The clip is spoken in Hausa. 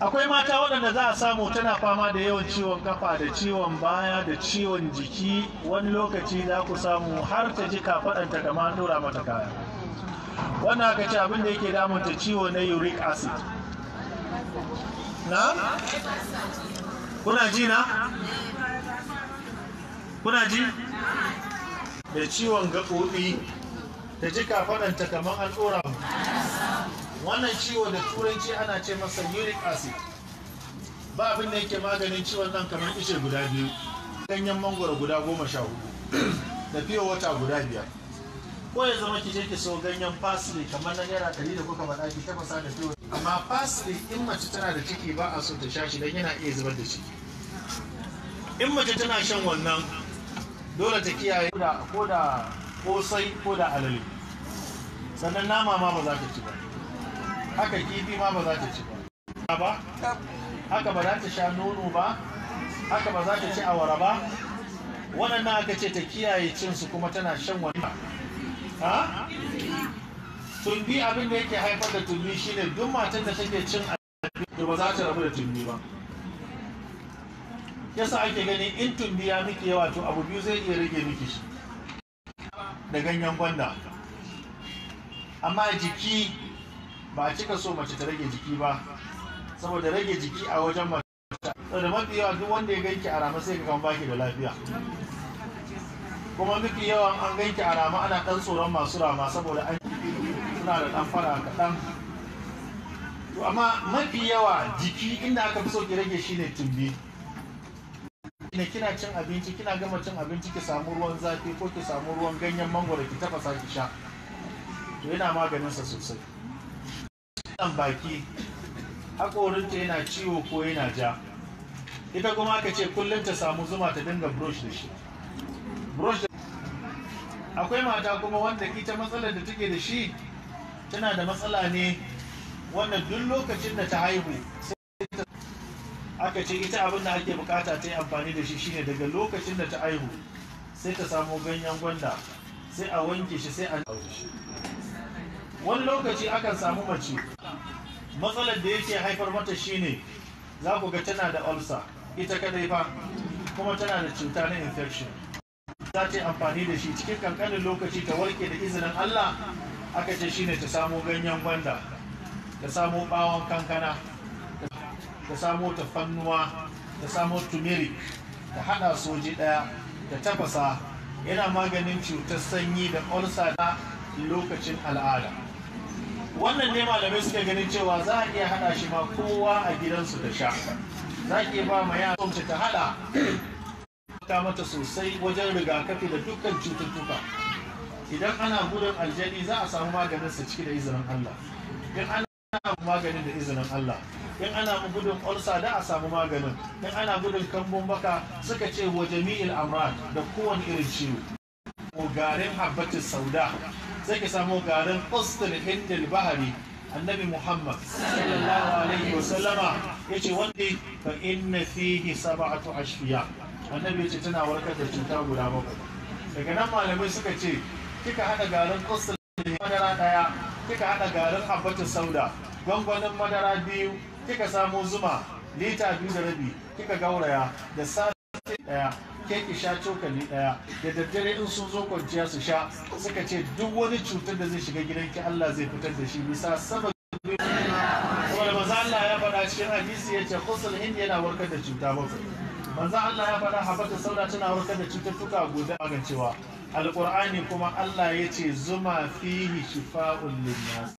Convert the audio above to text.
akwai mata waɗanda za a samu tana fama da yawan ciwon kafa da ciwon baya da ciwon jiki wani lokaci za ku samu har ta ji kafaɗanta da ma ɗora mata kaya wannan aka ce abin da yake damunta ciwo na uric acid na? kuna ji na? kuna ji? da ciwon gaɓoɓi da ji kafaɗanta kamar an ɗora mata wannan ciwo da turanci ana ce masa uric acid ba abin da yake maganin ciwon nan kamar ishe guda biyu ganyen mangoro guda goma sha hudu da fiye wata guda biyar ko ya zama ki je ki so ganyen parsley kamar na naira ɗari da kuka faɗa ki tafasa da fiye amma parsley in mace tana da ciki ba a so ta sha shi don yana iya zubar da ciki in mace tana shan wannan dole ta kiyaye ko da kosai ko da alali sannan nama ma ba za ta ci ba haka kifi ma ba za ta ci ba ba haka ba za ta sha nono ba haka ba za ta ci awara ba waɗannan aka ce ta kiyaye cinsu kuma tana shan wani ha tumbi abin da yake haifar da tumbi shine duk matan da take cin abinci ba za ta rabu da tumbi ba yasa ake ganin in tumbi ya miki yawa to abu biyu zai iya rage miki shi da ganyen gwanda amma jiki ba a cika so mace ta rage jiki ba saboda rage jiki a wajen mace da mafi yawa duk wanda ya ganki a rama sai ka kan baki da lafiya kuma mafi yawan an ganki a rama ana dan tsoron masu rama saboda an suna da dan fara kaɗan amma mafi yawa jiki inda aka fi so ki rage shine tumbi ne kina cin abinci kina gama cin abinci ki samu ruwan zafi ko ki samu ruwan ganyen mangoro ki tafasa ki sha to yana maganin sa sosai wannan baki haƙorinta yana ciwo ko yana ja ita kuma aka ce kullum ta samu zuma ta dinga brush da shi brush akwai mata kuma wanda ita matsalar da take da shi tana da matsala ne wannan duk lokacin da ta haihu aka ce ita abin da ake bukata ta yi amfani da shi shine daga lokacin da ta haihu sai ta samu ganyen gwanda sai a wanke shi sai a wani lokaci akan samu mace matsalar da yake haifar mata shine za ku ga tana da ulcer ita kadai fa kuma tana da cuta na infection za ta yi amfani da shi cikin kankanin lokaci ta warke da izinin Allah aka ce shine ta samo ganyen gwanda ta samo bawon kankana ta samo ta fannuwa ta samo turmeric ta hada soji daya ta tafasa yana maganin cutar sanyi da ulcer da lokacin al'ada wannan ne malamai suke ganin cewa za a iya hada shi ma kowa a gidansu da sha za ki ba ma yara ta hada ta mata sosai wajen rigakafi da dukkan cututtuka idan ana gudun aljani za a samu maganin sa ciki da izinin Allah in ana maganin da izinin Allah in ana gudun olsa da a samu maganin in ana gudun kambun baka suka ce wa mi'il amran da kowane irin ciwo garin habbatin sauda sai ki samu garin qastul hindil bahari annabi muhammad sallallahu alaihi wa sallama yace wanda fa inna fihi sab'atu ashfiya annabi yace tana warkar da cuta guda bakwai daga nan malamai suka ce kika hada garin qastul madara daya kika hada garin habbatu sauda gwangwanin madara biyu kika samu zuma lita biyu da rabi kika gauraya da sati daya ke ki sha cokali daya da daddare in sun zo kwanciya su sha suka ce duk wani cutar da zai shiga gidan ki Allah zai fitar da shi bisa sama saboda manzo Allah ya faɗa cikin hadisi yace ce hind yana warkar da cuta ba. manzo Allah ya faɗa habata sauda tana warkar da cututtuka guda magancewa alqur'ani kuma Allah yace zuma fihi shifa'un lin